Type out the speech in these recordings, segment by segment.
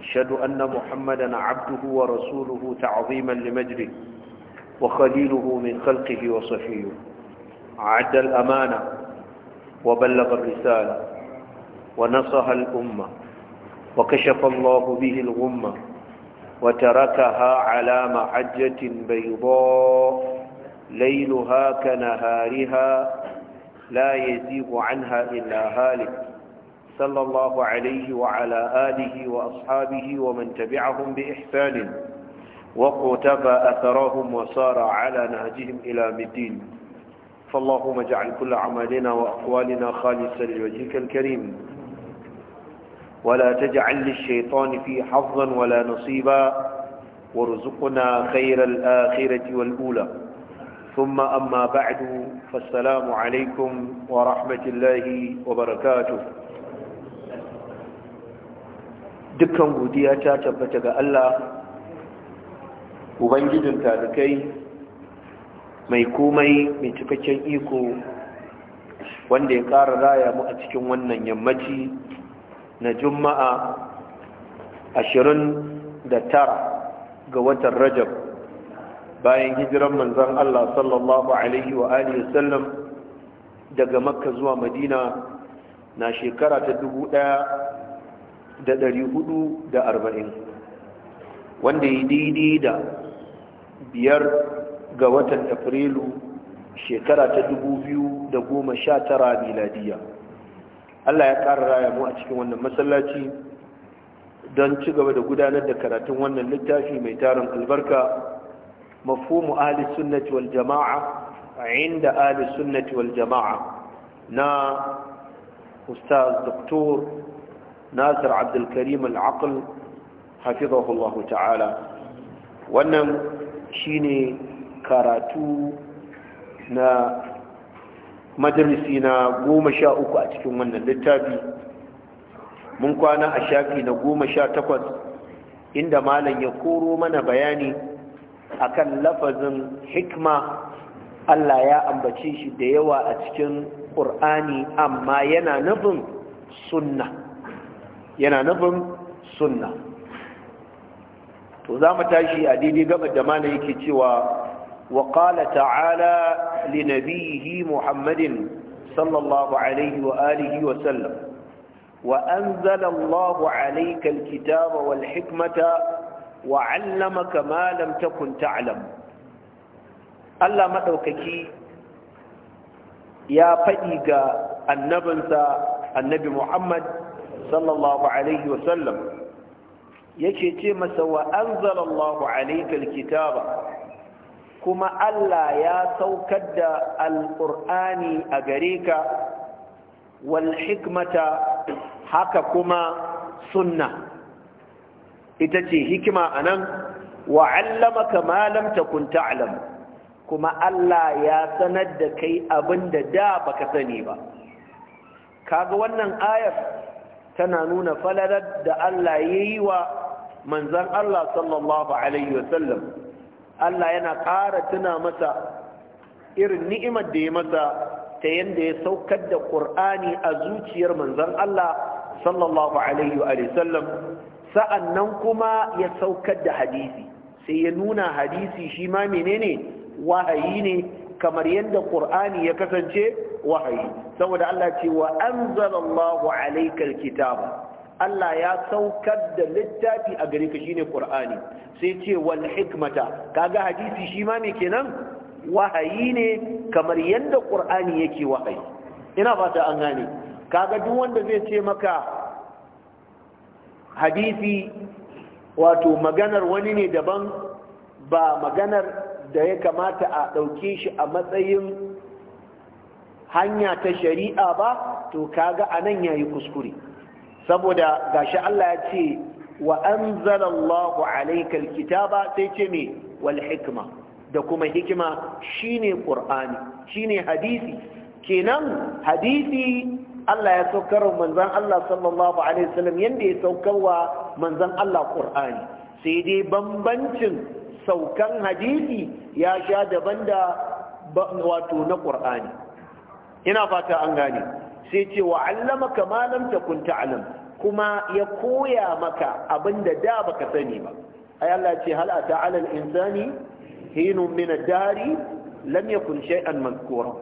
أشهد أن محمدا عبده ورسوله تعظيما لمجره وخليله من خلقه وصفيه عد الأمانة وبلغ الرسالة ونصها الأمة وكشف الله به الغمة وتركها على معجة بيضاء ليلها كنهارها لا يزيغ عنها إلا هالك صلى الله عليه وعلى آله وأصحابه ومن تبعهم بإحسان وقتب أثرهم وصار على نهجهم إلى مدين فاللهم اجعل كل عملنا وأقوالنا خالصا لوجهك الكريم ولا تجعل للشيطان في حظا ولا نصيبا وارزقنا خير الآخرة والأولى ثم أما بعد فالسلام عليكم ورحمة الله وبركاته dukkan godiya ta tabbata ga Allah ubangijin talikai mai komai mai cikakken iko wanda ya ƙara raya mu a cikin wannan yammaci na juma'a ashirin da ga watan rajab bayan hijiran manzan Allah sallallahu alaihi wa sallam daga makka zuwa madina na shekara ta dubu ɗaya. da ɗari hudu da arba'in wanda yi daidai da biyar ga watan afrilu shekara ta dubu biyu da goma sha tara miladiya allah ya ƙara raya mu a cikin wannan masallaci don ci gaba da gudanar da karatun wannan littafi mai tarin albarka mafhumu ahli sunnati wal jama'a inda ahli sunnati wal jama'a na ustaz doktor nasir abdulkarim al'aql hafizahullahu ta'ala wannan shine karatu na majalisi na goma sha uku a cikin wannan littafi mun kwana a shafi na goma sha takwas inda malam ya koro mana bayani akan lafazin hikma Allah ya ambace shi da yawa a cikin ƙur'ani amma yana nufin sunna yana nufin sunna to za mu tashi a daidai gabar da mana yake cewa wa qala ta'ala li nabiyhi muhammadin sallallahu alaihi wa alihi wa sallam wa anzala allahu alayka kitaba wal hikmata wa 'allamaka ma lam takun ta'lam Allah maɗaukaki ya faɗi ga annabinsa annabi Muhammad sallallahu alaihi wasallam yake ce masa wa anzalallahu alayka alkitaba kuma Allah ya saukar da alqur'ani a gare ka wal hikmata haka kuma sunna ita ce hikima anan wa 'allamaka ma lam takun ta'lam kuma Allah ya sanar da kai abinda da baka sani ba kaga wannan ayar tana nuna falalar da Allah ya yi wa manzan Allah sallallahu Alaihi wasallam Allah yana ƙara tuna masa irin ni'imar da ya masa ta yadda ya saukar da ƙur'ani a zuciyar manzan Allah sallallahu Alaihi wasallam kuma ya saukar da hadisi sai ya nuna hadisi shi ma menene wahayi ne kamar yadda ƙur'ani ya kasance wahayi saboda Allah ce wa anzalallahu alaykal kitaba Allah ya saukar da littafi a gare ka shine kur'ani sai ce wal hikmata kaga hadisi shi ma me kenan wahayi ne kamar yadda ƙur'ani yake wahayi ina fata an gane kaga duk wanda zai ce maka hadisi wato maganar wani ne daban ba maganar da ya kamata a ɗauke shi a matsayin hanya ta shari'a ba to kaga ya yayi kuskure saboda gashi Allah ya ce wa anzalallahu alaykal kitaba sai ce me wal hikma da kuma hikima shine qur'ani shine hadisi kenan hadisi Allah ya saukar manzon Allah sallallahu alaihi wasallam yanda ya saukarwa manzon Allah ƙur'ani sai dai bambancin saukan hadisi ya sha daban da wato na ƙur'ani ina fata an gane sai ce wa allama kama lam takun ta'lam kuma ya koya maka abinda da baka sani ba ay Allah ce hal ata alal insani hinu min ad-dari lam yakun shay'an mazkura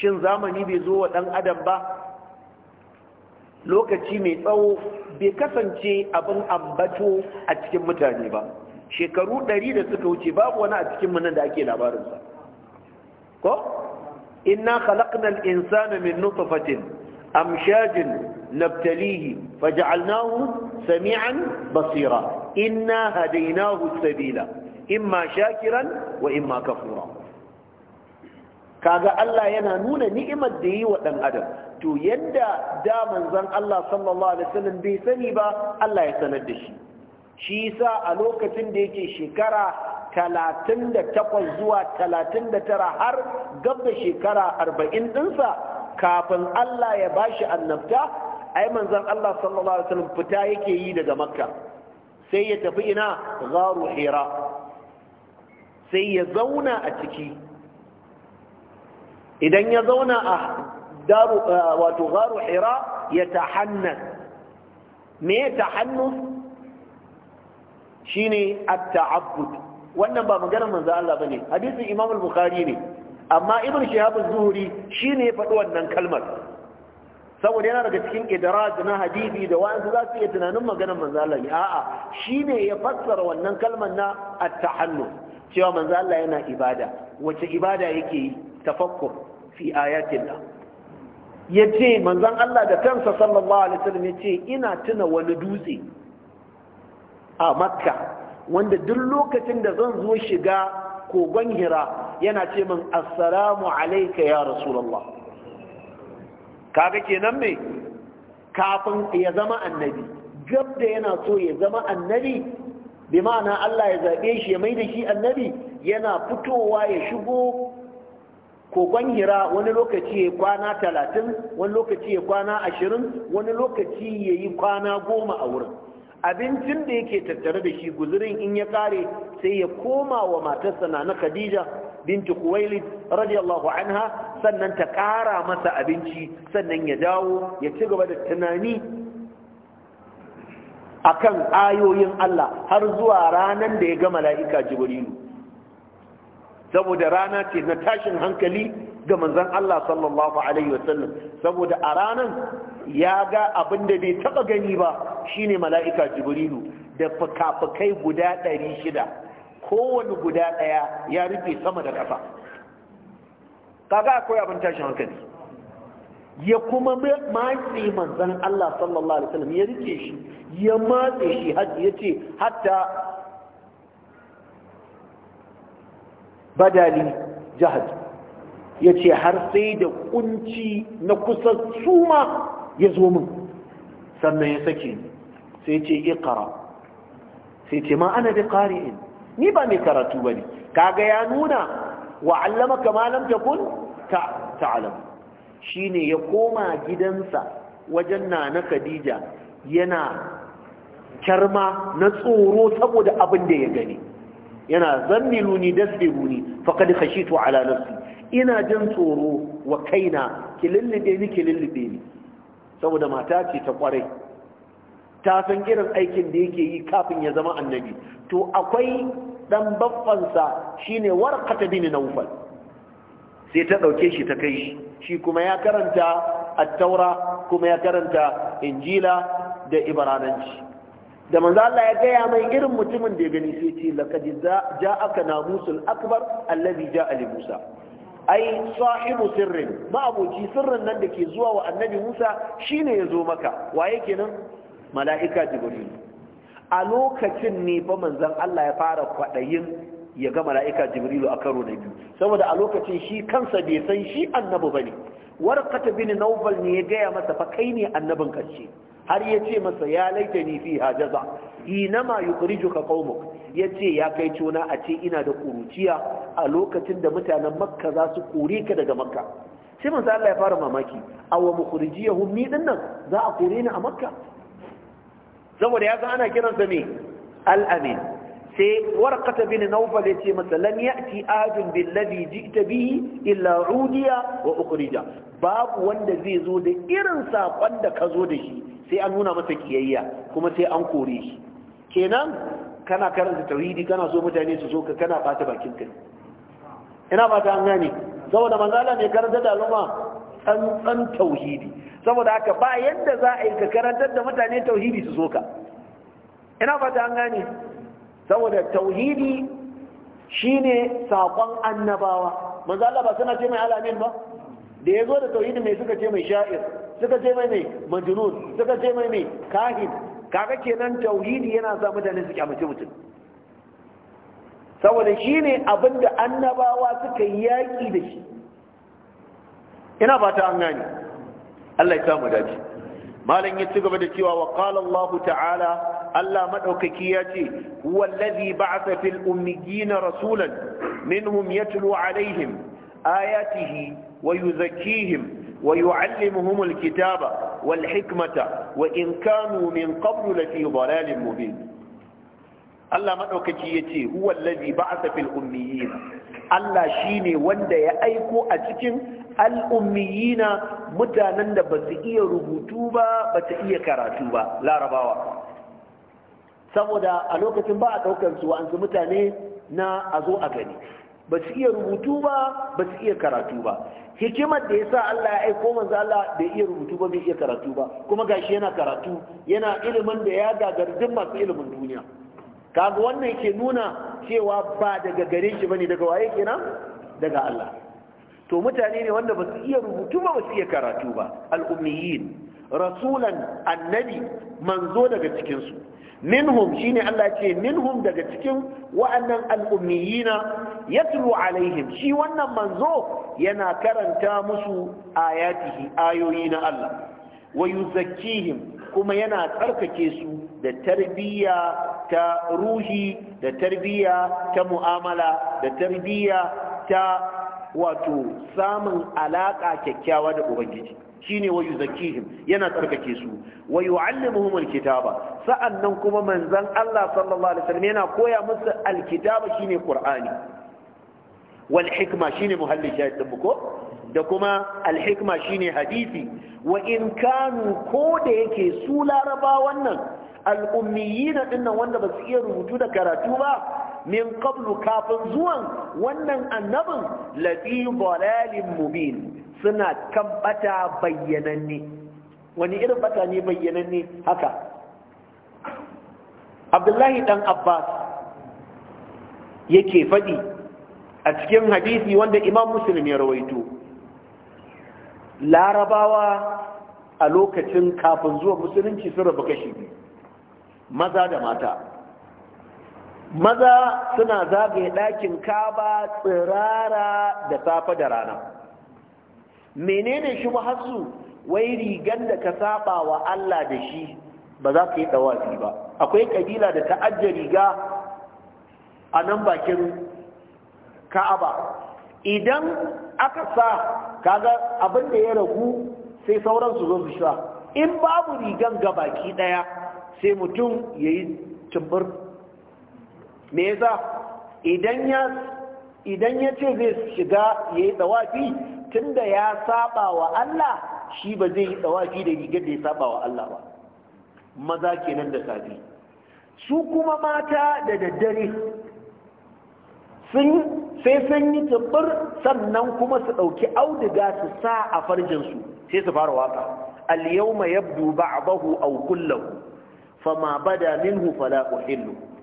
shin zamani bai zo wa dan adam ba lokaci mai tsawo bai kasance abin ambato a cikin mutane ba shekaru ɗari da suka wuce babu wani a cikin nan da ake labarinsa ko inna khalaqnal insana min nutfatin amshajin nabtalihi faj'alnahu sami'an basira inna hadaynahu sabila imma shakiran wa imma kafura kaga Allah yana nuna ni'imar da yi wa dan adam to yadda da manzon Allah sallallahu alaihi wasallam bai sani ba Allah ya sanar da shi shi sa a lokacin da yake shekara 38 zuwa 39 har gab da shekara 40 dinsa kafin Allah ya bashi annabta ai manzon Allah sallallahu alaihi wasallam fita yake yi daga makka sai ya tafi ina gharu hira sai ya zauna a ciki idan ya zauna a daru wato gharu hira ya tahannas me ya tahannus shine at-ta'abbud wannan ba maganar manzo Allah bane hadisin Imam al-Bukhari ne amma Ibn Shihab az-Zuhri shine ya faɗi wannan kalmar saboda yana daga cikin idraj na hadisi da wa'ansu za su iya tunanin maganar manzo Allah ne a'a shine ya fassara wannan kalmar na at-tahannu cewa manzo Allah yana ibada wace ibada yake yi tafakkur fi ayatillah yace manzon Allah da kansa sallallahu alaihi wasallam yace ina tuna wani dutse a makka wanda duk lokacin da zan zo shiga kogon hira yana ce min assalamu alaika ya rasulallah. kaga kenan me kafin ya zama annabi gab da yana so ya zama annabi bi ma'ana Allah ya zaɓe shi ya maida shi annabi yana fitowa ya shigo kogon hira wani lokaci ya kwana talatin wani lokaci ya kwana ashirin wani lokaci ya yi kwana goma a wurin abincin da yake tattare da shi guzurin in ya kare sai ya koma wa matarsa na Khadija binti Khuwailid radiyallahu anha sannan ta kara masa abinci sannan ya dawo ya ci gaba da tunani akan ayoyin Allah har zuwa ranan da ya ga mala'ika Jibrilu saboda rana ce na tashin hankali ga manzon Allah sallallahu alaihi wasallam saboda a ranan ya ga abin da bai taba gani ba shine mala'ika jibrilu da fuka-fukai guda ɗari shida kowane guda ɗaya ya rufe sama da ƙasa kaga akwai abin tashin hankali ya kuma matse manzan Allah sallallahu alaihi wasallam ya rike shi ya matse shi ya ce hatta badali jihar ya ce har sai da kunci na kusa suma ya zo min sannan ya sake ni sai ce iqra sai ce ma ana biqari'in ni ba mai karatu ne. kaga ya nuna wa 'allamaka ma lam takun ta'lam ya koma gidansa wajen nana Khadija yana kyarma na tsoro saboda abin da ya gani yana zanniluni dasbihuni faqad khashitu ala nafsi ina jin tsoro wa kaina kilillibe ni kilillibe ni saboda mata ce ta kwarai ta san irin aikin da yake yi kafin ya zama annabi to akwai dan babbansa shine warqata bin nawfal sai ta dauke shi ta kai shi shi kuma ya karanta at-taura kuma ya karanta injila da ibrananci da manzo Allah ya gaya mai irin mutumin da ya gani sai ce laqad ja'aka namusul akbar alladhi ja'a li musa ai sahibu sirrin ma'aboci sirrin nan da ke zuwa wa annabi Musa shine ya zo maka waye kenan mala'ika jibril a lokacin ne fa manzon Allah ya fara kwadayin ya ga mala'ika Jibril a karo na biyu saboda a lokacin shi kansa bai san shi annabi bane warqata bin nawfal ne ya gaya masa fa kai ne annabin karshe har ya ce masa ya laita ni fi hajaza inama yukrijuka qaumuk ya ce ya kai cuna a ce ina da ƙuruciya a lokacin da mutanen makka za su kore ka daga makka sai manzo Allah ya fara mamaki awa mukhrijiyahum ni din nan za a kore ni a makka saboda ya ana kiransa me al-amin sai ta bin nawfal yace masa lam ya'ti adun billadhi ji'ta bihi illa udiya wa ukhrija babu wanda zai zo da irin sakon da ka zo da shi sai an nuna masa kiyayya kuma sai an kore shi kenan kana karanta tauhidi kana so mutane su zo ka kana bata bakin ka ina ba ta an gane saboda manzo Allah ne karanta da al'umma tsantsan tauhidi saboda haka ba yanda za a yi ka karantar da mutane tauhidi su zo ka ina ba ta an gane saboda tauhidi shine sakon annabawa manzo Allah ba suna ce mai alamin ba da ya zo da tauhidi mai suka ce mai sha'ir suka ce mai mai majnun suka ce mai mai kahin kaga kenan tauhidi yana sa mutane su kyamace mutum saboda shi ne abin da annabawa suka yi yaƙi da shi ina ba ta an gani Allah ya samu daji. malam ya ci gaba da cewa wa Allah ta'ala Allah maɗaukaki ya ce huwa allazi ba'atha fil ummiyina rasulan minhum yatlu alaihim ayatihi wa him?" ويعلمهم الكتاب والحكمة وإن كانوا من قبل لفي ضلال مبين الله مدوكي هو الذي بعث في الأميين الله شيني وندا يا أيكو أتكن الأميين متانن da basu iya rubutu ba basu iya karatu ba larabawa saboda a lokacin ba a daukar su an su mutane na a zo a gani ba su iya rubutu ba ba su iya karatu ba hikimar da ya sa Allah ya aiko manzo Allah bai iya rubutu ba bai iya karatu ba kuma gashi yana karatu yana ilimin da ya gagar duk masu ilimin duniya kaga wannan ke nuna cewa ba daga gare shi bane daga waye kenan daga Allah to mutane ne wanda ba su iya rubutu ba ba su iya karatu ba al-ummiyin rasulan annabi manzo daga cikin su minhum shine Allah ce minhum daga cikin wa'annan al'ummiyina yatlu alaihim shi wannan manzo yana karanta musu ayatihi ayoyi na Allah wa yuzakkihim kuma yana tsarkake su da tarbiyya ta ruhi da tarbiyya ta mu'amala da tarbiyya ta wato samun alaƙa kyakkyawa da ubangiji shine wayu yuzakkihim yana tsarkake su wa kitaba alkitaba sa'annan kuma manzon Allah sallallahu alaihi wasallam yana koya musu alkitaba shine qur'ani wal hikma shine muhalli shahid din da kuma alhikma shine hadisi wa in kanu ko da yake su laraba wannan al'ummiyina dinnan wanda ba su iya rubutu da karatu ba min qablu kafin zuwan wannan annabin lafi dalalin mubin suna kan bata bayyananne wani irin bata ne bayyananne haka abdullahi dan abbas yake faɗi a cikin hadisi wanda imam muslim ya rawaito larabawa a lokacin kafin zuwa musulunci sun rabu kashi maza da mata maza suna zagaye ɗakin kaba tsirara da safe da rana menene shi hasu wai rigan da ka saba wa Allah da shi ba za ka yi ɗawafi ba akwai ƙabila da ta ajiye riga a nan bakin ka'aba idan aka sa kaga abin da ya ragu sai sauran su zo in babu rigan ga baki ɗaya sai mutum ya yi me za idan ya ce zai shiga ya yi tsawafi tunda ya saba wa Allah shi ba zai yi tsawafi da rigar da ya saba wa Allah ba maza kenan da safi su kuma mata da daddare sai sun yi tabbar sannan kuma su ɗauki auduga su sa a farjinsu sai su fara waka al yau ma yabdu bahu aw kullahu fama bada minhu fala uhillu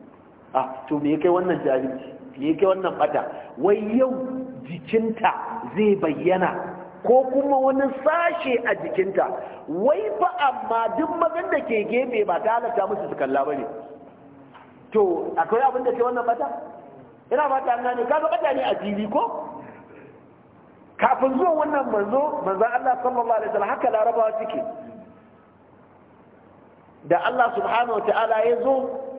a ah, to me kai wannan jahilci me kai wannan bata wai yau jikinta zai bayyana ko kuma wani sashe a jikinta wai ba amma duk magan da ke gefe ba ta halatta musu su kalla ba ne to akwai abin da ke wannan bata ina ba ta gane kaga bata ne a fili ko kafin zuwa wannan manzo manzo Allah sallallahu alaihi wasallam haka larabawa suke da Allah subhanahu wa ta'ala ya zo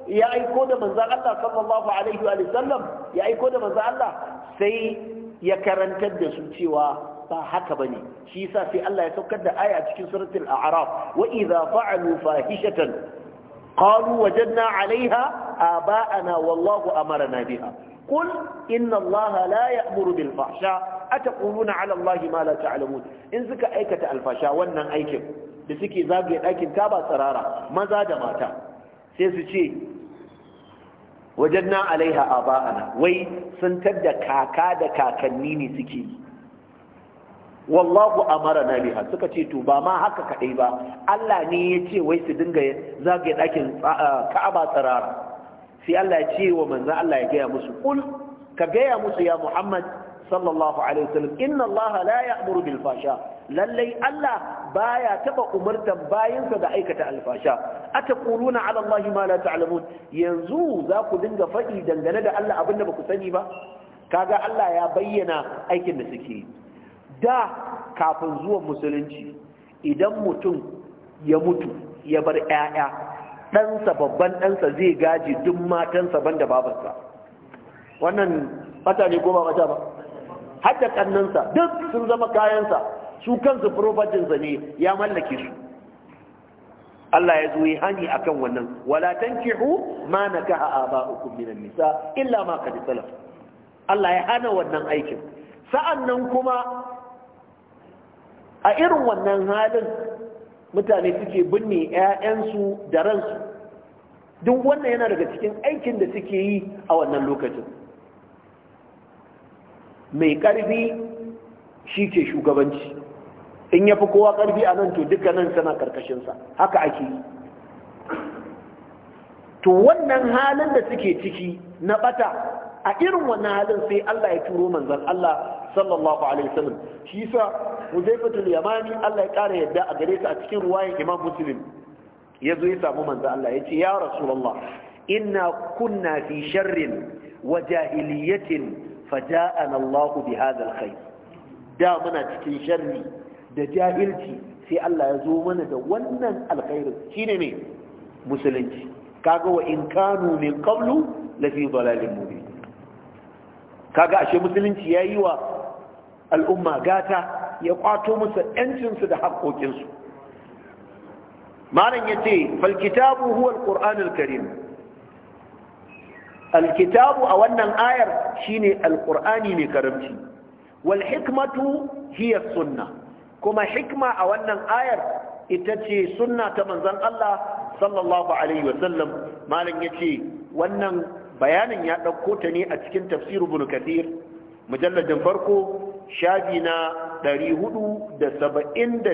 ya aiko da manzan Allah sallallahu alaihi wa sallam ya aiko da manzan Allah sai ya karantar da su cewa ba haka ba ne. shi yasa sai Allah ya saukar da aya cikin suratul a'raf wa idza fa'alu fahishatan qalu wajadna 'alayha aba'ana wallahu amarna biha qul inna Allah la ya'muru bil fahsha ataquluna 'ala Allah ma la ta'lamun in suka aikata alfasha wannan aikin da suke zagaye ɗakin ba tsarara maza da mata sai su ce wajen na alaiha a ba'ana wai sun tadda kaka da kakanni ne suke wallahu amara na biha suka ce to ba ma haka kaɗai ba Allah ne ya ce wai su dinga zagaye ɗakin ka'aba tsirara sai Allah ya ce wa manzan Allah ya gaya musu kul ka gaya musu ya Muhammad sallallahu alaihi wasallam inna Allah la ya'muru bil fasha lallai Allah baya taba umurtan bayinsa da aikata alfasha ataquluna ala allahi ma la ta'lamun yanzu za ku dinga faɗi dangane da Allah abin da baku sani ba kaga Allah ya bayyana aikin da suke da kafin zuwan musulunci idan mutum ya mutu ya bar 'ya'ya ɗansa babban ɗansa zai gaji duk matansa banda babansa wannan fata ne ko ba fata ba hadda kannansa duk sun zama kayansa su kansu profetinsa ne ya mallake su Allah ya zo yi hani kan wannan wala tankihu ma na nakaha aba'ukum minan nisa illa ma ka salaf Allah ya hana wannan aikin sa'annan kuma a irin wannan halin mutane suke binne 'ya'yansu da ransu duk wannan yana daga cikin aikin da suke yi a wannan lokacin mai ƙarfi shi ke shugabanci in ya fi kowa ƙarfi a nan to duka nan tana ƙarƙashinsa haka ake yi to wannan halin da suke ciki na ɓata a irin wannan halin sai Allah ya turo manzan Allah sallallahu alaihi wasallam shi yasa Huzaifatul Yamani Allah ya kara yadda a gare ta a cikin ruwayan Imam Muslim ya zo ya samu manzan Allah ya ce ya Rasulullah inna kunna fi sharrin wa jahiliyatin faja'ana Allah bi hadha alkhair da muna cikin sharri da jahilci sai Allah ya zo mana da wannan alkhairin shine ne musulunci kaga wa in kanu min qablu la dalalin mubin kaga ashe musulunci yayi wa al'umma gata ya kwato musu yancin su da haƙoƙin su malam yace fal kitabu huwa alquran alkarim alkitabu a wannan ayar shine alqur'ani mai karamci wal hikmatu hiya sunnah kuma hikma a wannan ayar ita ce sunna ta manzon Allah sallallahu alaihi wasallam malam yace wannan bayanin ya dauko ta ne a cikin tafsir ibn kathir mujalladin farko shafi na 475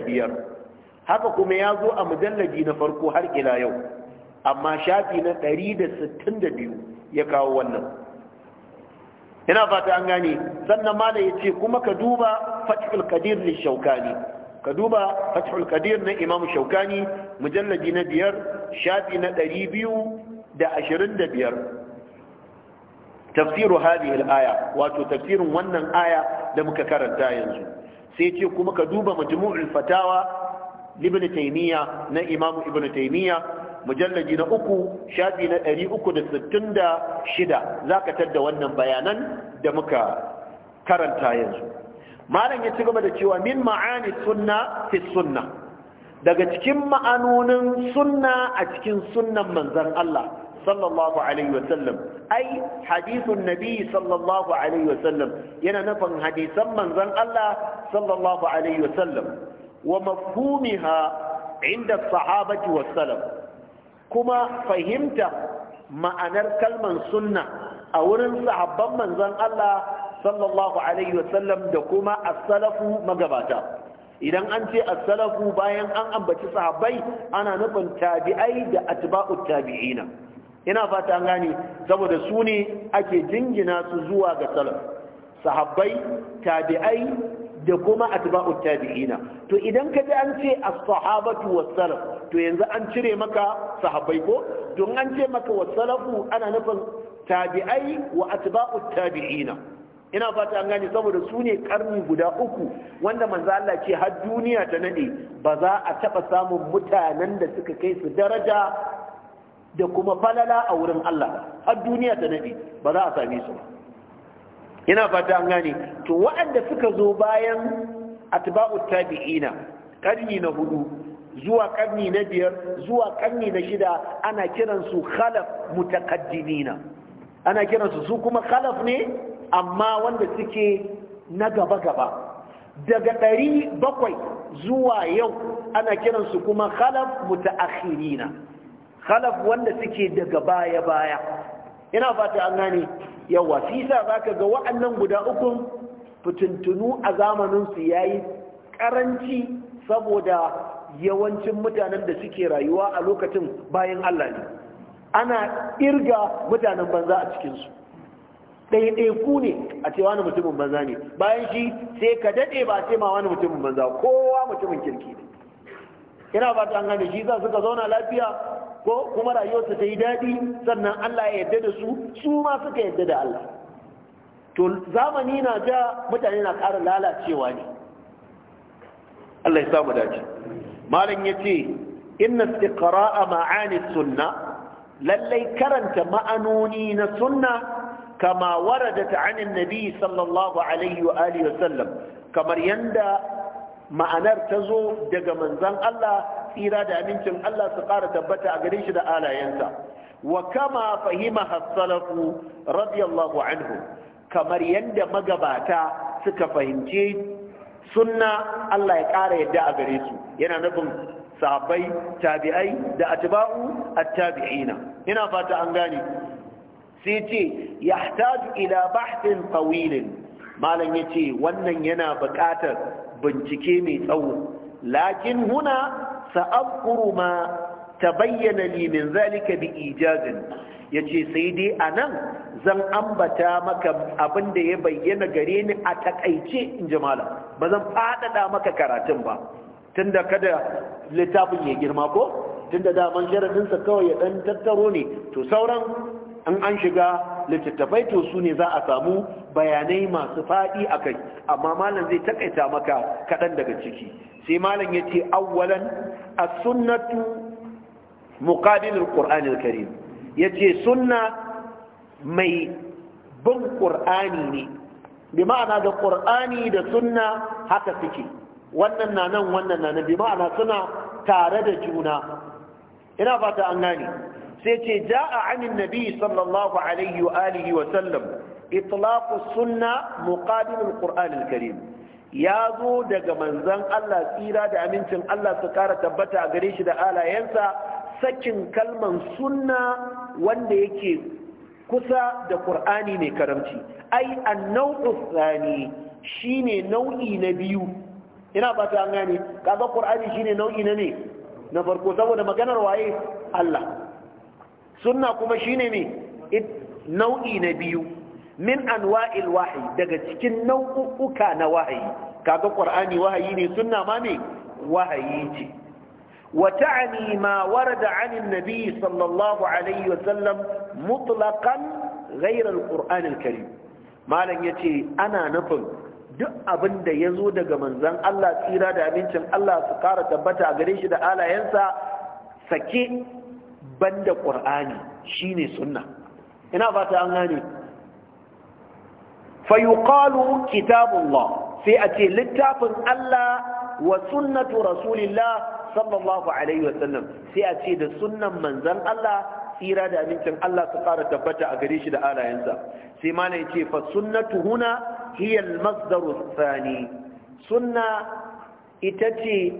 haka kuma ya zo a mujallaji na farko har ila yau amma shafi na 162 ya kawo wannan ina fata an gane sannan Malam yace ya ce kuma ka duba fathul kadir ne shaukani ka duba fathul kadir na imam shaukani mujallabi na biyar shafi na ɗari biyu da ashirin da biyar tafsiru hadhihi al-aya wato tafsirin wannan aya da muka karanta yanzu sai ce kuma ka duba majmu'ul fatawa ibn taymiya na imam ibn taymiya mujallaji na uku shafi na za zaka tadda wannan bayanan da muka karanta yanzu malam ya ci gaba da cewa min ma'ani sunna fi sunna daga cikin ma'anonin sunna a cikin sunnan manzon Allah sallallahu alaihi wa sallam, ai hadithun nabi sallallahu alaihi wa sallam, yana nufin hadisan manzon Allah sallallahu alaihi wa sallam, wa mafhumiha inda sahabati wa wasallam kuma fahimta ma'anar kalman sunna a wurin sahabban manzon Allah sallallahu alaihi wasallam da kuma as-salafu magabata idan an ce as-salafu bayan an ambaci sahabbai ana nufin tabi'ai da atba'ut tabi'ina ina fata an gane saboda su ne ake jingina su zuwa ga salaf sahabbai tabi'ai da kuma atba'ut tabi'ina to idan ka ji an ce as-sahabatu was-salaf to yanzu an cire maka sahabbai ko don an ce maka was-salafu ana nufin tabi'ai wa atba'ut tabi'ina ina fata an gane saboda su ne karni guda uku wanda manzo Allah ce har duniya ta nade ba za a taba samun mutanen da suka kai su daraja da kuma falala a wurin Allah har duniya ta nade ba za a same su ba ina fata an gane to waɗanda suka zo bayan atba'ut tabi'ina karni na hudu zuwa karni na biyar zuwa karni na shida ana kiransu khalaf mutaqaddimina ana kiransu su kuma khalaf ne amma wanda suke na gaba-gaba daga ɗari bakwai zuwa yau ana kiransu kuma khalaf mutaakhirina khalaf wanda suke daga baya-baya ina fata an gane yawa fisa za ka ga wa'annan guda ukun fitintunu a zamaninsu ya yi ƙaranci saboda yawancin mutanen da suke rayuwa a lokacin bayan Allah ne ana irga mutanen banza a cikinsu ɗaiɗai ku ne a ce wani mutumin banza ne bayan shi sai ka daɗe ba a ce ma wani mutumin banza kowa mutumin kirki ne ina ba ta gane shi za su ka zauna lafiya ko kuma rayuwarsa ta yi daɗi sannan Allah ya yadda da su su ma suka yarda da Allah to zamani na ja mutane na ƙara lalacewa ne Allah ya samu dace malam yace inna istiqra'a ma'ani sunna lallai karanta ma'anoni na sunna كما وردت عن النبي صلى الله عليه وآله وسلم كما يندى ma'anar ta zo daga manzan Allah tsira da amincin Allah su ƙara tabbata a gare shi da alayensa wa kama fahima hassalafu radiyallahu anhu kamar yadda magabata suka fahimci sunna Allah ya ƙara yadda a gare yana nufin sabai tabi'ai da atba'u at-tabi'ina ina fata an gane sai ce ila bahthin tawilin malam yace wannan yana buƙatar bincike mai tsawo lakin huna sa'abquru ma tabayyana li min zalika bi ijazin yace sai dai anan zan ambata maka abin da ya bayyana gare ni a takaice in ji malam ba zan faɗaɗa maka karatun ba tunda kada littafin ya girma ko tunda daman sharafinsa kawai ya ɗan tattaro ne to sauran in an shiga littattafai to su ne za a samu bayanai masu faɗi a kai amma malam zai takaita maka kaɗan daga ciki sai malam ya ce awwalan a sunnatu muqabilul qur'anil karim ya ce sunna mai bin qur'ani ne bi ma'ana da qur'ani da sunna haka suke wannan na nan wannan na nan bi ma'ana suna tare da juna ina fata an gane sai ce ja'a anin nabi sallallahu alaihi wa alihi wa sallam sunna muqabil alquran alkarim ya zo daga manzon Allah tsira da amincin Allah su kara tabbata a gare shi da alayensa sakin kalman sunna wanda yake kusa da qur'ani mai karamci ai an-nau'u thani shine nau'i na biyu ina ba ta gane kaga qur'ani shine nau'i na ne na farko saboda maganar waye Allah sunna kuma shine me nau'i na biyu min anwa'il wahayi daga cikin nau'uka na wahayi kaga qur'ani wahayi ne sunna ma me wahayi ce وتعني ما ورد عن النبي صلى الله عليه وسلم مطلقا غير القرآن الكريم ما لن يتي أنا نفل duk abin da ya zo daga manzan Allah tsira da abincin Allah su kara tabbata a gare shi da alayensa sake banda ƙur'ani shine sunna ina fata an gane fayuqalu kitabullah sai a ce littafin Allah wa sunnatu rasulillah sallallahu alaihi wa sallam sai a ce da sunnan manzon Allah tsira da amincin Allah su ƙara tabbata a gare shi da alayensa sai ma yace ce fa sunnatu huna hiya al-masdaru thani sunna ita ce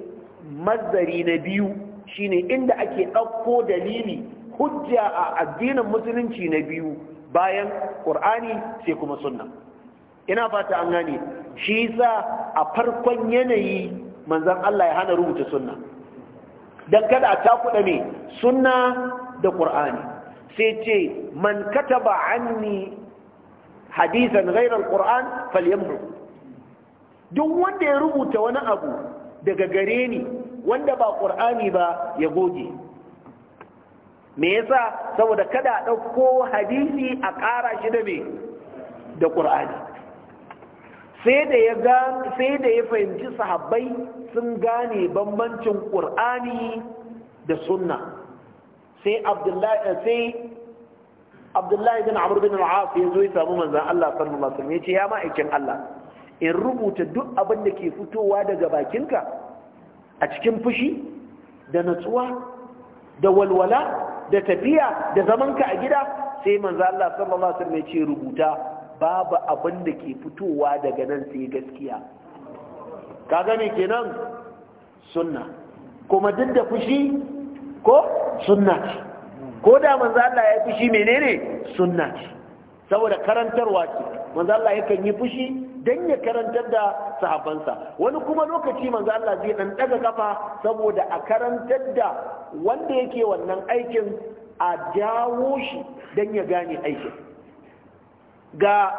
mazdari na biyu shine inda ake ɗauko dalili hujja a addinin musulunci na biyu bayan ƙur'ani sai kuma sunna ina fata an gane shi sa a farkon yanayi manzan Allah ya hana rubuta sunna don kada a takuɗa mai sunna da ƙur'ani sai ce man kataba anni hadisan gairar ƙur'an falyamru duk wanda ya rubuta wani abu daga gare ni wanda ba ƙur'ani ba ya goge me yasa saboda kada a ɗauko hadisi a ƙara shi da me da ƙur'ani sai da ya sai da ya fahimci sahabbai sun gane bambancin ƙur'ani da sunna sai abdullahi sai abdullahi bin amr bin al ya zo ya samu manzon Allah sallallahu alaihi wasallam ya ce ya ma'aikin Allah in rubuta duk abin da ke fitowa daga bakinka a cikin fushi da natsuwa da walwala da tafiya da zamanka a gida sai manzo Allah sallallahu alaihi wasallam ya ce rubuta babu abin da ke fitowa daga nan sai gaskiya kaga me kenan sunna kuma duk da fushi ko sunna ce ko da manzo Allah ya fushi menene sunna ce saboda karantarwa ce manzo Allah yakan yi fushi dan ya karantar da sahabbansa wani kuma lokaci manzo Allah zai dan daga kafa saboda a karantar da wanda yake wannan aikin a jawo shi dan ya gane aikin ga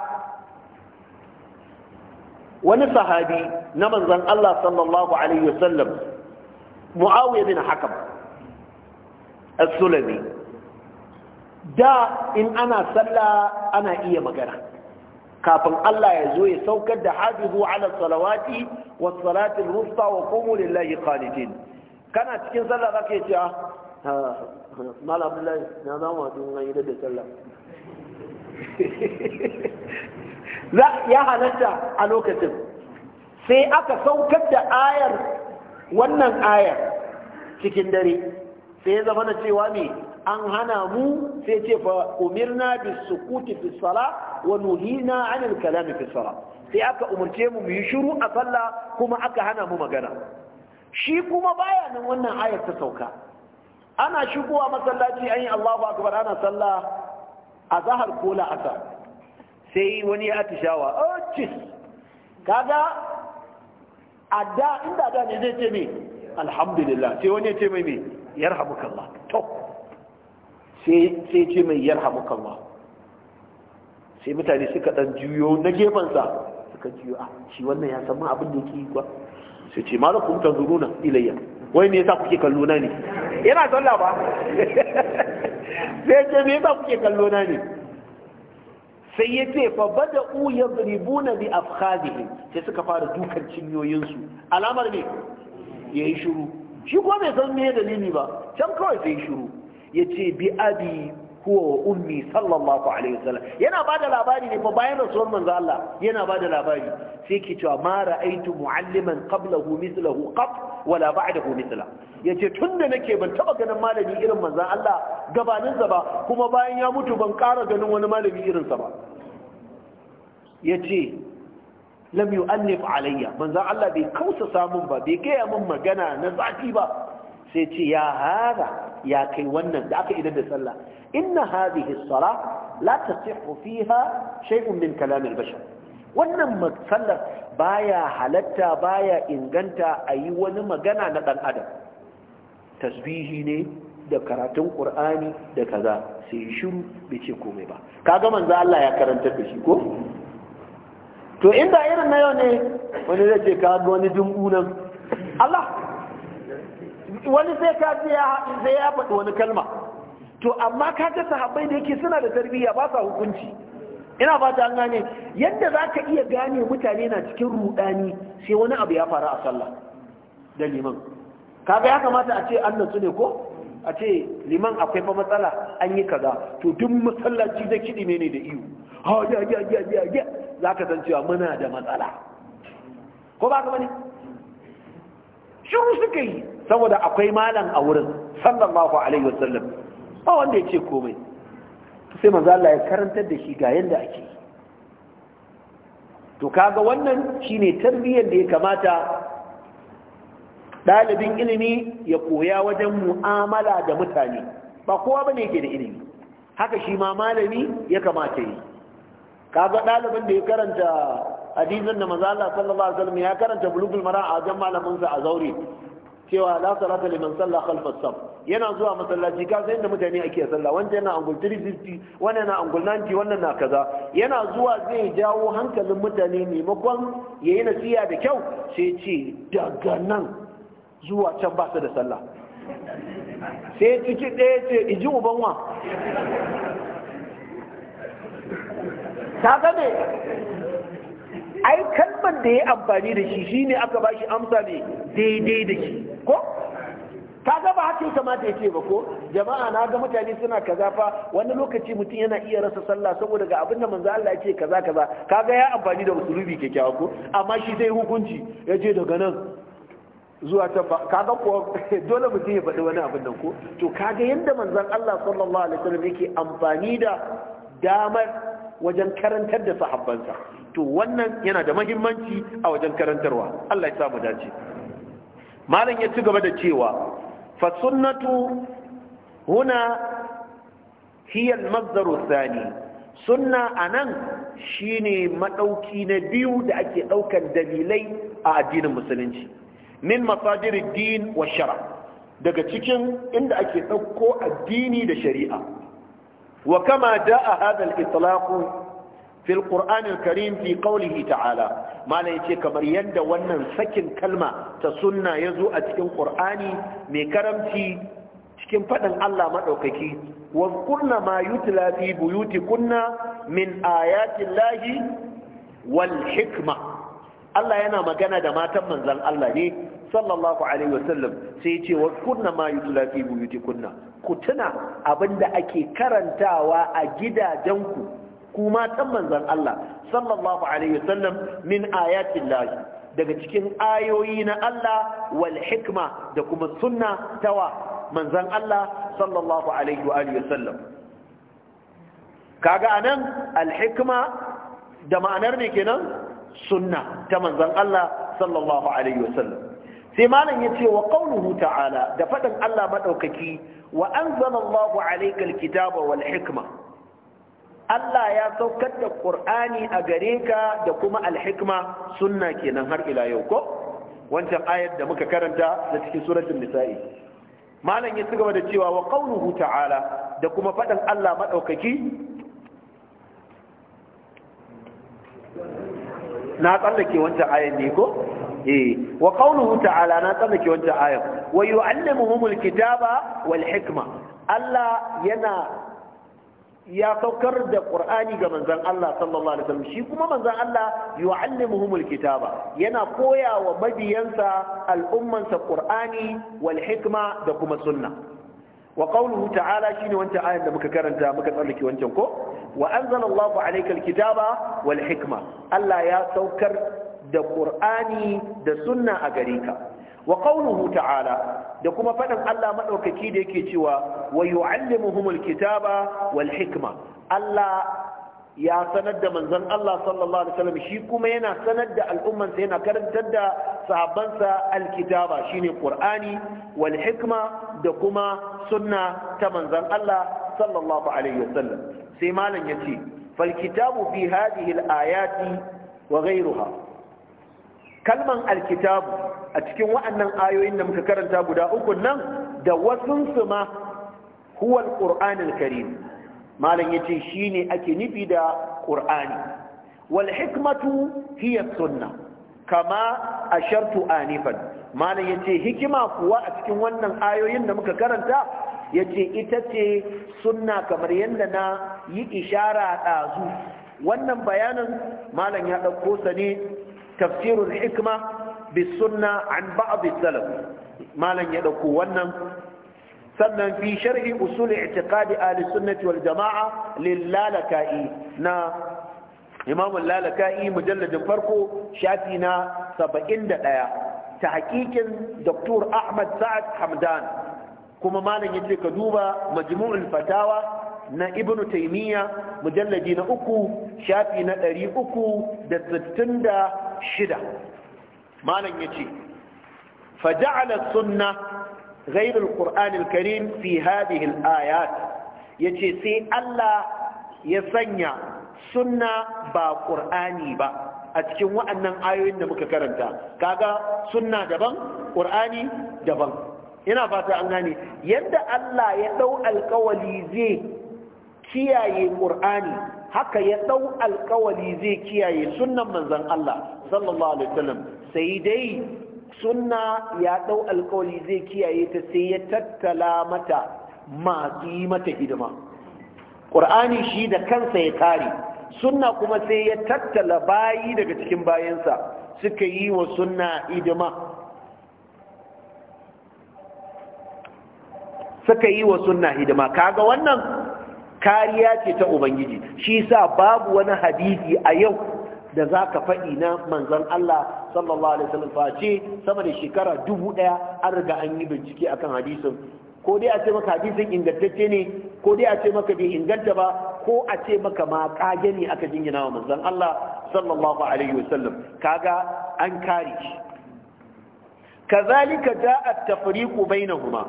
wani sahabi na manzon Allah sallallahu alaihi wasallam Muawiya bin Hakam as-Sulami da in ana sallah ana iya magana kafin Allah ya zo ya saukar da hafizu ala salawati wa salatin wusta wa qumu lillahi qanitin kana cikin sallah zaka yi cewa mal abdullahi na za mu hadu nan idan da sallah ya halatta a lokacin sai aka saukar da ayar wannan ayar cikin dare sai ya zama na cewa me an hana mu sai ce fa umirna bis sukuti fi sala wa nuhina anil kalami fi sala sai aka umurce mu mu yi shiru a sallah kuma aka hana mu magana shi kuma baya nan wannan ayar ta sauka ana shigowa masallaci an yi Allahu akbar ana sallah a zahar ko asa, sai wani ya atishawa otis oh, kaga a da inda da ne zai ce me alhamdulillah sai wani ya ce mai me yarhamukallah to sai ce mai yarhamukallah sai mutane suka dan juyo na gefansa suka juyo a ah, shi wannan ya san ma abin da yake yi kuwa sai ce malakum tanzuruna ilayya wai me yasa kuke kallo na ne yana sallah ba sai ce me yasa kuke kallo na ne sai ya ce fa bada u na bi afkhadihim sai suka fara dukan cinyoyin su alamar ne yayi shiru shi ko bai san me dalili ba can kawai sai shiru yace bi abi kuwa wa ummi sallallahu alaihi wasallam yana bada labari ne fa bayan rasuwar manzo Allah yana bada labari sai ki cewa ma ra'aitu mualliman qablahu mithlahu qat wala ba'dahu mithla yace tunda nake ban taba ganin malami irin manzo Allah gabanin sa ba kuma bayan ya mutu ban ƙara ganin wani malami irin sa ba yace lam yu'annif alayya manzo Allah bai kausa samun ba bai gaya min magana na zaki ba sai ce ya hada ya kai wannan da aka idan da sallah inna hadhihi as-salah la tasihhu fiha shay'un min kalam bashar wannan sallar baya halatta baya inganta ayi wani magana na dan adam tasbihi ne da karatun ƙur'ani da kaza sai shiru bai ce komai ba kaga manza Allah ya karanta da shi ko to inda irin na yau ne wani zai ce ka ga wani dumbu Allah wani sai ka ya sai ya faɗi wani kalma to amma ka ga sahabbai da yake suna da tarbiyya ba sa hukunci ina fata an gane yadda za ka iya gane mutane na cikin rudani sai wani abu ya faru a sallah da liman kaga ya kamata a ce annan su ne ko a ce liman akwai ba matsala an yi kaza to duk masallaci zai kiɗi ne da iyo ha ya ya ya ya ya za ka san cewa muna da matsala ko ba ka bane shiru suka yi saboda akwai malam a wurin sallallahu alaihi wasallam ba wanda ya ce komai sai manzo Allah ya karantar da shi ga yanda ake to kaga wannan shine tarbiyyar da ya kamata dalibin ilimi ya koya wajen mu'amala da mutane ba kowa bane yake da ilimi haka shi ma malami ya kamata yi kaga dalibin da ya karanta hadisin da manzo Allah sallallahu alaihi wasallam ya karanta bulugul mara a wajen malamansa a zaure cewa la salata liman salla khalfa sab yana zuwa masallaci ka san inda mutane ake sallah wanda yana angul 350 wannan na angul 90 wannan na kaza yana zuwa zai jawo hankalin mutane maimakon yayi nasiha da kyau sai ce daga nan zuwa can ba su da sallah sai ciki ɗaya ce iji ubanwa ta ai kalmar da ya amfani da shi shine aka bashi amsa ne daidai da shi ko ka ga ba haka ya kamata ya ce ba ko jama'a na ga mutane suna kaza fa wani lokaci mutum yana iya rasa sallah saboda ga abinda manzo Allah ya ce kaza kaza kaga ya amfani da usulubi kyakkyawa ko amma shi sai hukunci ya je daga nan zuwa ta kaga ko dole mutum ya faɗi wani abin nan ko to kaga yanda manzon Allah sallallahu alaihi wasallam yake amfani da damar wajen karantar da sahabbansa to wannan yana da mahimmanci a wajen karantarwa Allah ya sa mu dace malam ya ci gaba da cewa fa sunnatu huna hiya al-mazdaru thani sunna anan shine madauki na biyu da ake daukan dalilai a addinin musulunci min masadirid din wa shara daga cikin inda ake dauko addini da shari'a وكما جاء هذا الإطلاق في القرآن الكريم في قوله تعالى ما لا يتي كمر يند ونن سكن كلمة تسنى يزو أتكن قرآني من كرمتي cikin faɗin Allah maɗaukaki wa kunna ma yutla buyuti kunna min ayatin lahi wal hikma Allah yana magana da matan manzan Allah ne sallallahu alaihi wasallam sai ce buyuti kunna ku tuna abin da ake karantawa a gidajenku kuma ɗan manzan Allah sallallahu alaihi wasallam min ayatin lahi daga cikin ayoyi na Allah wal hikma da kuma sunna tawa manzan Allah sallallahu alaihi wa sallam kaga anan al hikma da ma'anar ne kenan sunna ta manzan Allah sallallahu alaihi wasallam sai malam ya ce wa qauluhu ta'ala da faɗin Allah maɗaukaki wa anzalallahu alaika alkitaba wal hikma Allah ya saukar da Qur'ani a gare ka da kuma alhikma sunna kenan har ila yau ko wancan ayar da muka karanta da cikin suratul nisa'i malam ya cigaba da cewa wa qauluhu ta'ala da kuma faɗin Allah maɗaukaki na tsallake wancan ayan ne ko eh wa qawluhu ta'ala na tsamake wancan ayar wa yu'allimuhumul kitaba wal hikma Allah yana ya saukar da Qur'ani ga manzon Allah sallallahu alaihi wasallam shi kuma manzon Allah yu'allimuhumul kitaba yana koya wa mabiyansa al'ummansa Qur'ani wal hikma da kuma sunna وقوله تعالى شنو وانت آية لما كرنت ما كتقلك ko wa anzalallahu الله عليك الكتاب والحكمة Allah ya saukar. da ƙur'ani da sunna a gare ka wa qawluhu ta'ala da kuma faɗin Allah maɗaukaki da yake cewa wa yu'allimuhumul kitaba wal hikma Allah ya sanar da manzan Allah sallallahu alaihi wasallam shi kuma yana sanar da al'ummansa yana karantar da sahabbansa alkitaba shine ƙur'ani wal hikma da kuma sunna ta manzan Allah sallallahu alaihi wasallam sai malam yace fal kitabu fi hadhihi al ayati wa gairuha. kalman alkitabu a cikin wa'annan ayoyin da muka karanta guda uku nan da wasunsu ma huwal ƙur'anin karim malam ya ce shi ne ake nufi da ƙur'ani wal hikmatu hiya sunna kama a shartu anifan malam ya ce hikima kuwa a cikin wannan ayoyin da muka karanta ya ce ita ce sunna kamar yadda na yi ishara ɗazu wannan bayanin malam ya ɗauko sa ne تفسير الحكمة بالسنة عن بعض السلف ما لن يدكو ونن سنن في شرح أصول اعتقاد أهل السنة والجماعة للالكائي نا إمام اللالكائي مجلد فرقه شافينا سبعين دقيقة تحقيق دكتور أحمد سعد حمدان كما ما لن يدرك دوبا مجموع الفتاوى na ibnu taimiyya mujalladi na uku shafi na ɗari uku da sittin da shida malam yace fa ja'ala sunna ghayr al karim fi hadhihi al-ayat yace sai Allah ya sanya sunna ba qur'ani ba a cikin waɗannan ayoyin da muka karanta kaga sunna daban qur'ani daban ina fata an gane yadda Allah ya dau alkawali zai kiyaye qur'ani haka ya dau alkawali zai kiyaye sunnan manzon Allah sallallahu alaihi wasallam sai dai sunna ya dau alkawali zai kiyaye ta sai ya tattala mata masu yi mata hidima ƙur'ani shi da kansa ya kare sunna kuma sai ya tattala bayi daga cikin bayansa suka yi wa sunna hidima suka yi wa sunna hidima kaga wannan kariya ce ta ubangiji shi sa babu wani hadisi a yau da za ka faɗi na manzan Allah sallallahu alaihi wasallam face sama da shekara dubu ɗaya an riga an yi bincike akan hadisin ko dai a ce maka hadisin ingantacce ne ko dai a ce maka bai inganta ba ko a ce maka ma ƙage ne aka jingina wa manzan Allah sallallahu alaihi wasallam kaga an kare shi kazalika ja'a at-tafriqu bainahuma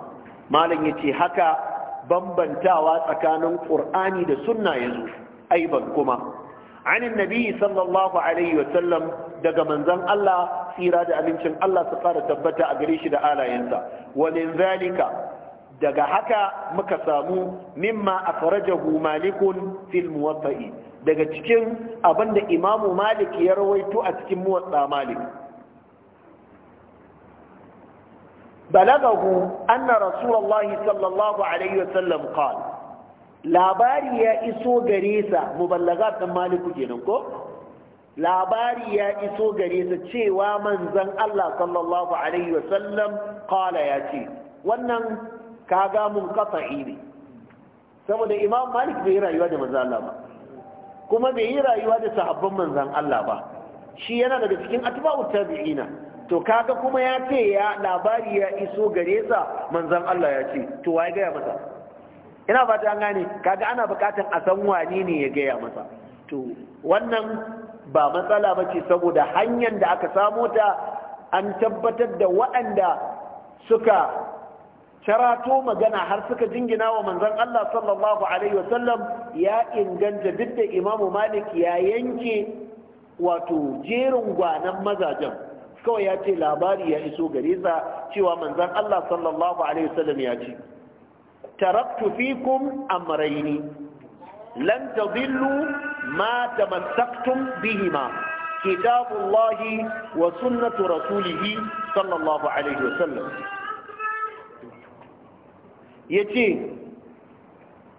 malam ce haka bambantawa tsakanin ƙur'ani da sunna yazo aiban kuma عن النبي صلى الله عليه وسلم دق منزن الله سيراد أمنشن الله سقارة تبتا أقريش دا آلا ينسى ومن ذلك دق حكا مكسامو مما أخرجه مالك في الموطئ دق تكين أبند إمام مالك يرويت أتكين موطأ مالك بلغه أن رسول الله صلى الله عليه وسلم قال labari ya iso gare sa muballagat dan maliku kenan ko labari ya iso gare sa cewa manzon Allah sallallahu alaihi wasallam qala ya ce wannan kaga mun qata'i ne saboda imam malik bai yi rayuwa da manzon Allah ba kuma bai yi rayuwa da sahabban manzon Allah ba shi yana daga cikin atba'u tabi'ina to kaga kuma ya ce ya labari ya iso gare sa manzon Allah ya ce to waye gaya masa ina fata an gane kaga ana bukatan a san wani ne ya gaya masa to wannan ba matsala ba ce saboda hanyar da aka samu ta an tabbatar da waɗanda suka carato magana har suka jingina wa manzon Allah sallallahu alaihi wasallam ya inganta duk da imamu malik ya yanke wato jerin gwanan mazajen kawai ya ce labari ya iso gare sa cewa manzan Allah sallallahu alaihi wasallam ya ce taraktu fikum amrayni lan tadillu ma tamassaktum bihima kitabullahi wa sunnatu rasulihi sallallahu alaihi wasallam yace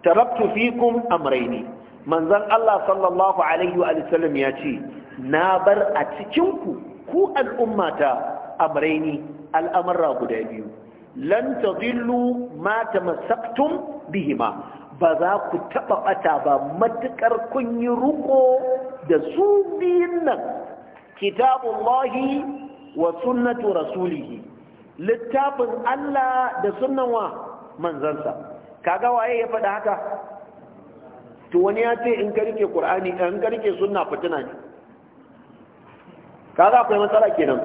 taraktu fikum amraini, manzon Allah sallallahu alaihi wa sallam yace na bar a cikin ku ku al'ummata amraini al'amra guda biyu lan tadillu ma tamassaktum bihima ba za ku taba bata ba matukar kun yi ruko da su biyun nan kitabullahi wa sunnatu rasulihi littafin Allah da sunnan wa manzansa kaga waye ya faɗa haka to wani ya ce in ka rike qur'ani in ka rike sunna fitina ne kaga akwai matsala kenan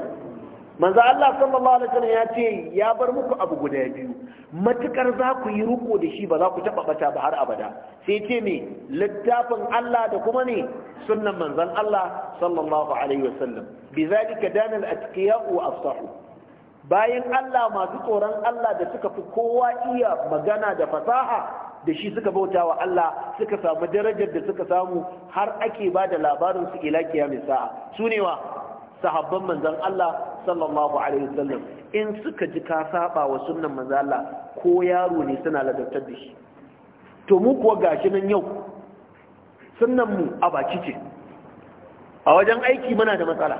manzo Allah sallallahu alaihi wasallam ya ce ya bar muku abu guda biyu matukar za ku yi ruko da shi ba za ku taba bata ba har abada sai ce me littafin Allah da kuma ne sunnan manzon Allah sallallahu alaihi wasallam bizalika danal atqiya wa afsahu bayan Allah masu tsoron Allah da suka fi kowa iya magana da fasaha da shi suka bauta wa Allah suka samu darajar da suka samu har ake ba da labarin su ila kiyamis sa'a su ne wa sahabban manzon Allah sallallahu alaihi wasallam in suka ji ka saba wa sunnan manzon Allah ko yaro ne suna ladabtar da shi to mu kuwa gashi nan yau sunnan mu a baki ce a wajen aiki muna da matsala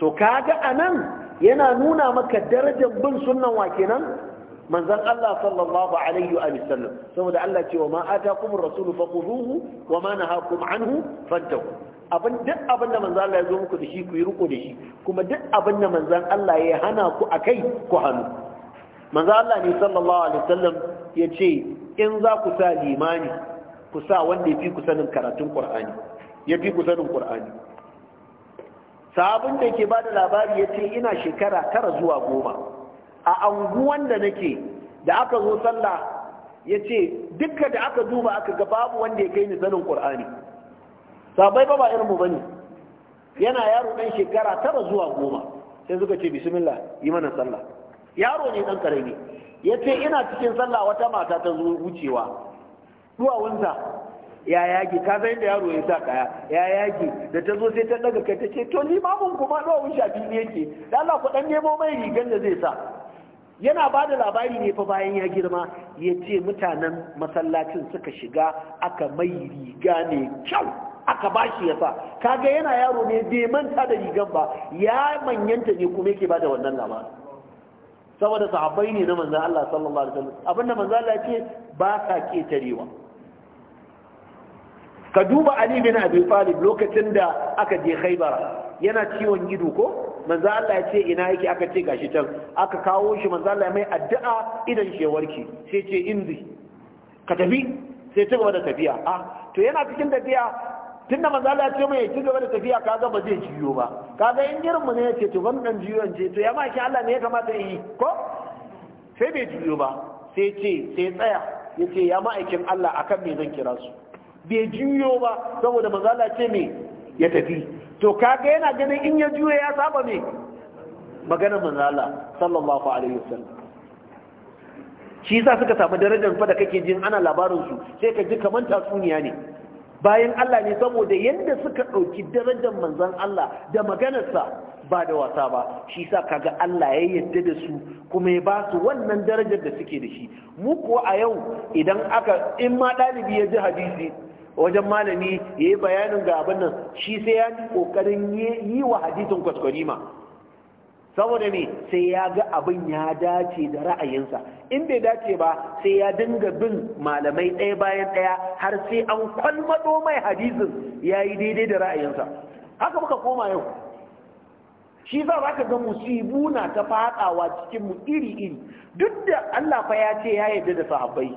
to kaga anan yana nuna maka darajar bin sunnan wa kenan Manzan Allah sallallahu alaihi wa sallam saboda Allah ce wa ma atakumur rasulu fakhuduhu wa ma nahakum anhu fantahu abin duk abin da manzon Allah ya zo muku da shi ku yi riko da shi kuma duk abin da manzon Allah ya hana ku akai ku hannu manzan Allah ne sallallahu alaihi wa sallam ya ce in za ku sa limani ku sa wanda ya fi ku sanin karatun Qur'ani ya fi ku sanin Qur'ani sabon da ke bada labari ya ce ina shekara tara zuwa goma a anguwan da nake da aka zo sallah ya ce dukkan da aka duba aka ga babu wanda ya kai ni sanin ƙur'ani sabai ba irin irinmu ba ne yana yaro ɗan shekara tara zuwa goma sai suka ce bismillah yi mana sallah yaro ne ɗan ƙarami ya ce ina cikin sallah wata mata ta zo wucewa duwawunta ya yage ka san yadda yaro ya sa kaya ya yage da ta zo sai ta daga kai ta ce to ni mamun kuma duwawun shafi ne yake da Allah ku dan nemo mai rigan da zai sa yana ba da labari ne fa bayan ya girma ya ce mutanen masallacin suka shiga aka mai riga ne kyau aka ba shi ya sa kaga yana yaro ne bai manta da rigar ba ya manyanta ne kuma yake ba da wannan labarin saboda sahabbai ne na manzan Allah sallallahu alaihi wasallam abinda manzan Allah ce ba sa ketarewa ka duba Ali bin Abi Talib lokacin da aka je Khaibar yana ciwon ido ko manzo Allah ya ce ina yake aka ce gashi can aka kawo shi manzo Allah mai addu'a idan shi warke sai ce indi ka tafi sai ta gaba da tafiya a to yana cikin tafiya tunda manzo Allah ya ce mai ci gaba da tafiya kaga ba zai jiyo ba kaga in irin mu ne ya ce to ban dan jiyon ce to ya ma shi Allah ne ya kamata yi ko sai bai jiyo ba sai ce sai tsaya yace ya ma'aikin Allah akan me zan kira su bai jiyo ba saboda manzo Allah ce mai. ya tafi to kaga yana ganin in ya juya ya saba me magana manzala sallallahu alaihi wasallam shi yasa suka samu darajar fada kake jin ana labarin su sai ka ji kaman tatsuniya ne bayan Allah ne saboda yadda suka dauki darajar manzon Allah da maganarsa ba da wasa ba shi yasa kaga Allah ya yarda da su kuma ya ba su wannan darajar da suke da shi mu kuwa a yau idan aka in ma ɗalibi ya ji hadisi wajen malami ya yi bayanin ga abin nan shi sai ya yi ƙoƙarin yi wa hadisin kwaskwarima saboda ne sai ya ga abin ya dace da ra'ayinsa in bai dace ba sai ya dinga bin malamai ɗaya bayan ɗaya har sai an kwalmaɗo mai hadisin ya yi daidai da ra'ayinsa haka muka koma yau shi za za ka ga musibu na ta faɗawa mu iri-iri duk da allah fa ya ce ya yarda da sahabbai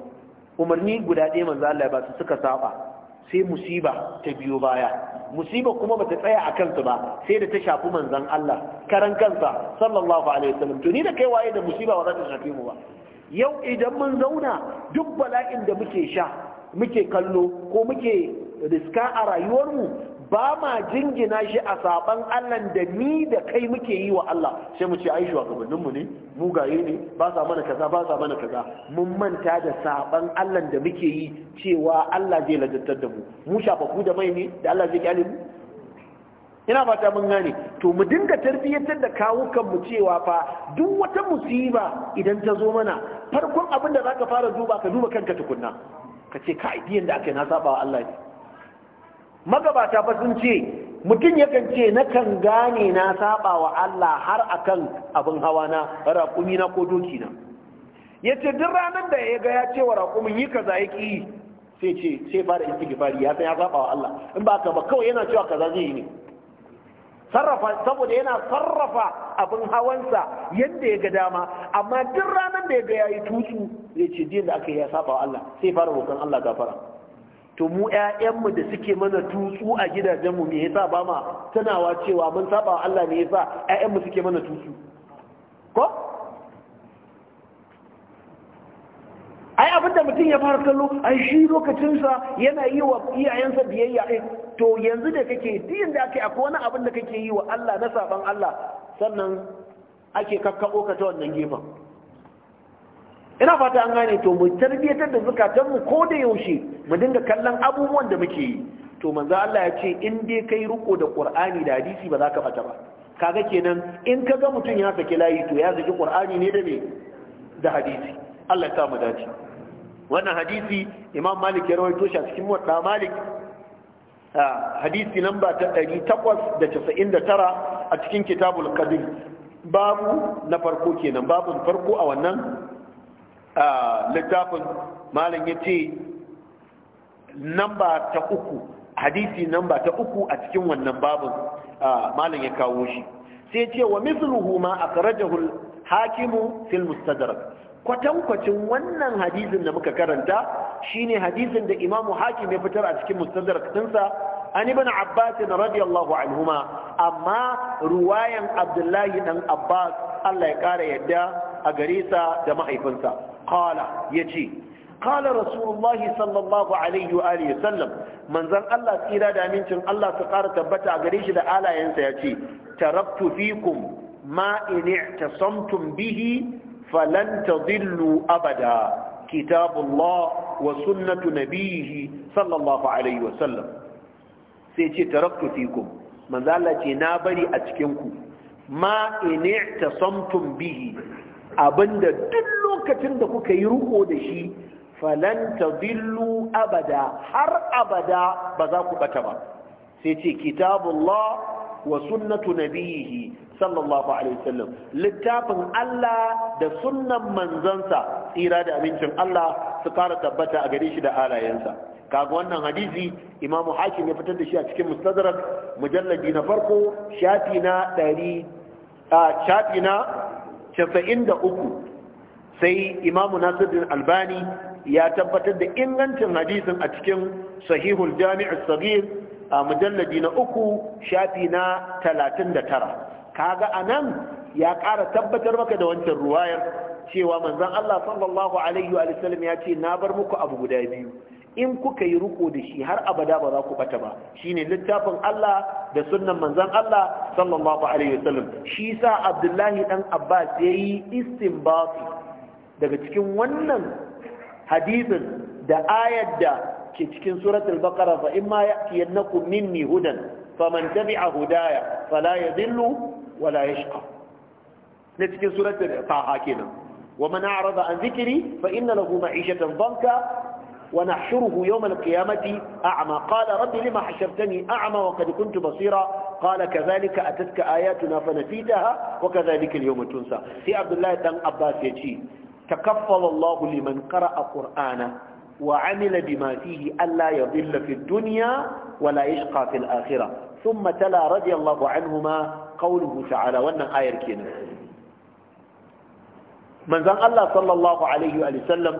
umarni guda ɗaya manzo Allah ba su suka saba sai musiba ta biyo baya musiba kuma bata tsaya a kansu ba sai da ta shafi manzon Allah karan kansa sallallahu alaihi wasallam to ni da kai waye da musiba ba za ta shafe mu ba yau idan mun zauna duk bala'in da muke sha muke kallo ko muke riska a rayuwarmu ba ma jingina shi a saban Allah da ni da kai muke yi wa Allah sai mu ce ai shugabannin mu ne mugaye ne ba sa mana kaza ba sa mana kaza mun manta da saban Allah da muke yi cewa Allah zai ladatar da mu mu shafafu da mai ne da Allah zai kyale mu ina fata mun gane to mu dinga tarbiyyantar da kawukan mu cewa fa duk wata musiba idan ta zo mana farkon abin da zaka fara duba ka duba kanka tukunna ka ce ka idiyan da aka na saba wa Allah ne magabata ba sun ce mutum yakan ce na kan gane na saba wa Allah har akan abin hawa na raƙumi na ko doki na ya ce duk ranar da ya ga ya ce wa raƙumin yi kaza ya ki sai ce sai fara istighfari ya san ya saba wa Allah in ba ka ba kawai yana cewa kaza zai yi ne sarrafa saboda yana sarrafa abin hawansa yadda ya ga dama amma duk ranar da ya ga ya yi tutu, zai ce din da aka yi ya saba wa Allah sai fara roƙon Allah gafara to mu ƴaƴanmu da suke mana tutsu a gidajenmu me yasa ba ma tunawa cewa mun saba wa Allah me yasa ƴaƴanmu suke mana tutsu ko ai abin da mutum ya fara kallo ai shi lokacinsa yana yi wa iyayensa biyayya ai to yanzu da kake din da ake akwai wani abin da kake yi wa Allah na saban Allah sannan ake kakkabo ka ta wannan gefen ina fata an gane to mu tarbiyyatar da mu ko da yaushe mu dinga kallon abubuwan da muke yi to manzo Allah ya ce in dai kai riko da Qur'ani da hadisi ba za ka bata ba kaga kenan in kaga mutum ya saki layi to ya saki Qur'ani ne da me da hadisi Allah ya sa mu dace wannan hadisi Imam Malik ya rawaito shi a cikin Muwatta Malik ah, hadisi namba ta 899 a cikin Kitabul Qadim babu na farko kenan babun farko a wannan littafin malam ya ce namba ta uku hadisi namba ta uku a cikin wannan babin malam ya kawo shi sai ce wa misluhu ma akhrajahu hakimu fil mustadrak kwatankwacin wannan hadisin da muka karanta shine hadisin da imamu hakim ya fitar a cikin mustadrak dinsa an ibn abbas radiyallahu anhuma amma ruwayan abdullahi dan abbas Allah ya kara yadda a gare sa da mahaifinsa qala yace qala rasulullahi sallallahu alaihi wa alihi sallam manzon Allah tsira da amincin Allah ta ƙara tabbata gare shi da alayensa yace taraktu fikum ma in i'tasamtum bihi falan tadillu abada kitabullah wa sunnatu nabiyhi sallallahu alaihi wa sallam sai ce taraktu fikum manzon Allah ce na bari a cikin ku ma in i'tasamtum bihi abinda duk lokacin da kuka yi ruko da shi Falanta, tadillu abada har abada ba za ku bata ba sai ce kitabullah wa sunnatu nabiyihi sallallahu alaihi wasallam littafin Allah da sunnan manzansa tsira da abincin Allah su ƙara tabbata a gare shi da alayensa kaga wannan hadisi Imam Hakim ya fitar da shi a cikin Mustadrak mujalladi na farko shafi na 100 shafi na casa'in da uku sai imamu nasiruddin albani ya tabbatar da ingancin hadisin a cikin sahihul jami'ar sagir a mujalladi na uku shafi na talatin da tara kaga a nan ya ƙara tabbatar maka da wancan ruwayar cewa manzan Allah sallallahu alaihi wa sallam ya ce na bar muku abu guda biyu in kuka yi riko da shi har abada ba za ku bata ba shine littafin Allah da sunnan manzon Allah sallallahu alaihi wasallam shi sa Abdullahi dan Abbas yayi istinbati daga cikin wannan hadisin da ayar da ke cikin suratul baqara fa imma ya'tiyannakum minni hudan faman tabi'a hudaya fala yadhillu wala yashqa na cikin suratul taha kenan ومن أعرض عن ذكري فإن له معيشة ضنكا ونحشره يوم القيامة أعمى قال رب لما حشرتني أعمى وقد كنت بصيرا قال كذلك أتتك آياتنا فنسيتها وكذلك اليوم تنسى في عبد الله بن عباس يجي تكفل الله لمن قرأ قرآنا وعمل بما فيه ألا يضل في الدنيا ولا يشقى في الآخرة ثم تلا رضي الله عنهما قوله تعالى وانا آية كينا من ذا الله صلى الله عليه وآله وسلم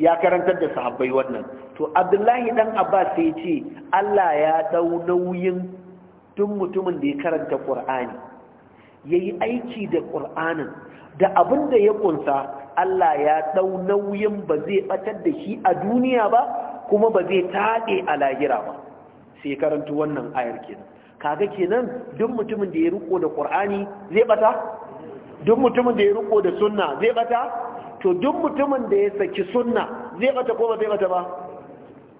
ya karantar da sahabbai wannan to abdullahi dan abbas sai ce allah ya dau nauyin tun mutumin da ya karanta qur'ani yayi aiki da qur'anin da abin da ya ƙunsa, allah ya ɗau nauyin ba zai batar da shi a duniya ba kuma ba zai tade a lahira ba sai karanta wannan ayar kenan kaga kenan duk mutumin da ya riko da qur'ani zai bata duk mutumin da ya riko da sunna zai bata to duk mutumin da ya saki sunna zai bata ko ba zai bata ba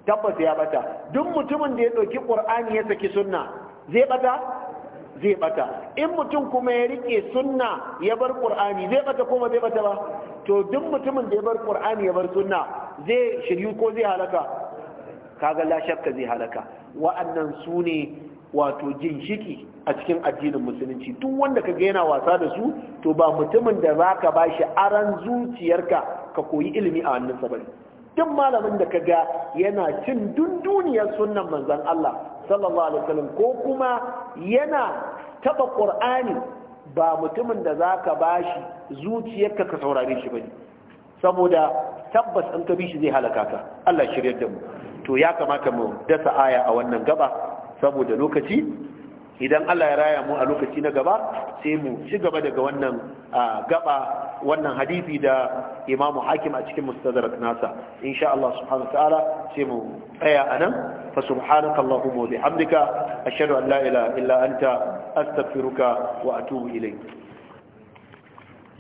tabbas ya bata duk mutumin da ya dauki qur'ani ya saki sunna zai bata zai bata in mutum kuma ya rike sunna ya bar qur'ani zai bata ko ba zai bata ba to duk mutumin da ya bar qur'ani ya bar sunna zai shiryu ko zai halaka kaga la shakka zai halaka wa'annan sune. wato shiki a cikin addinin musulunci duk wanda ka ga yana wasa da su to ba mutumin da za ka bashi aran zuciyarka ka koyi ilimi a wannan sabon duk malamin da ka ga yana cin dunduniyar sunnan manzan Allah sallallahu alaihi wasallam ko kuma yana taba qur'ani ba mutumin da za ka bashi zuciyarka ka saurare shi bane saboda tabbas an ka bi shi zai halaka ka Allah shiryar da mu to ya kamata mu dasa aya a wannan gaba saboda lokaci idan Allah ya raya mu a lokaci na gaba sai mu ci gaba daga wannan gaba wannan hadisi da imamu hakim a cikin mustadrak nasa insha Allah subhanahu ta'ala sai mu tsaya anan fa subhanaka allahumma wa bihamdika ashhadu an la ilaha illa anta astaghfiruka wa atubu ilayk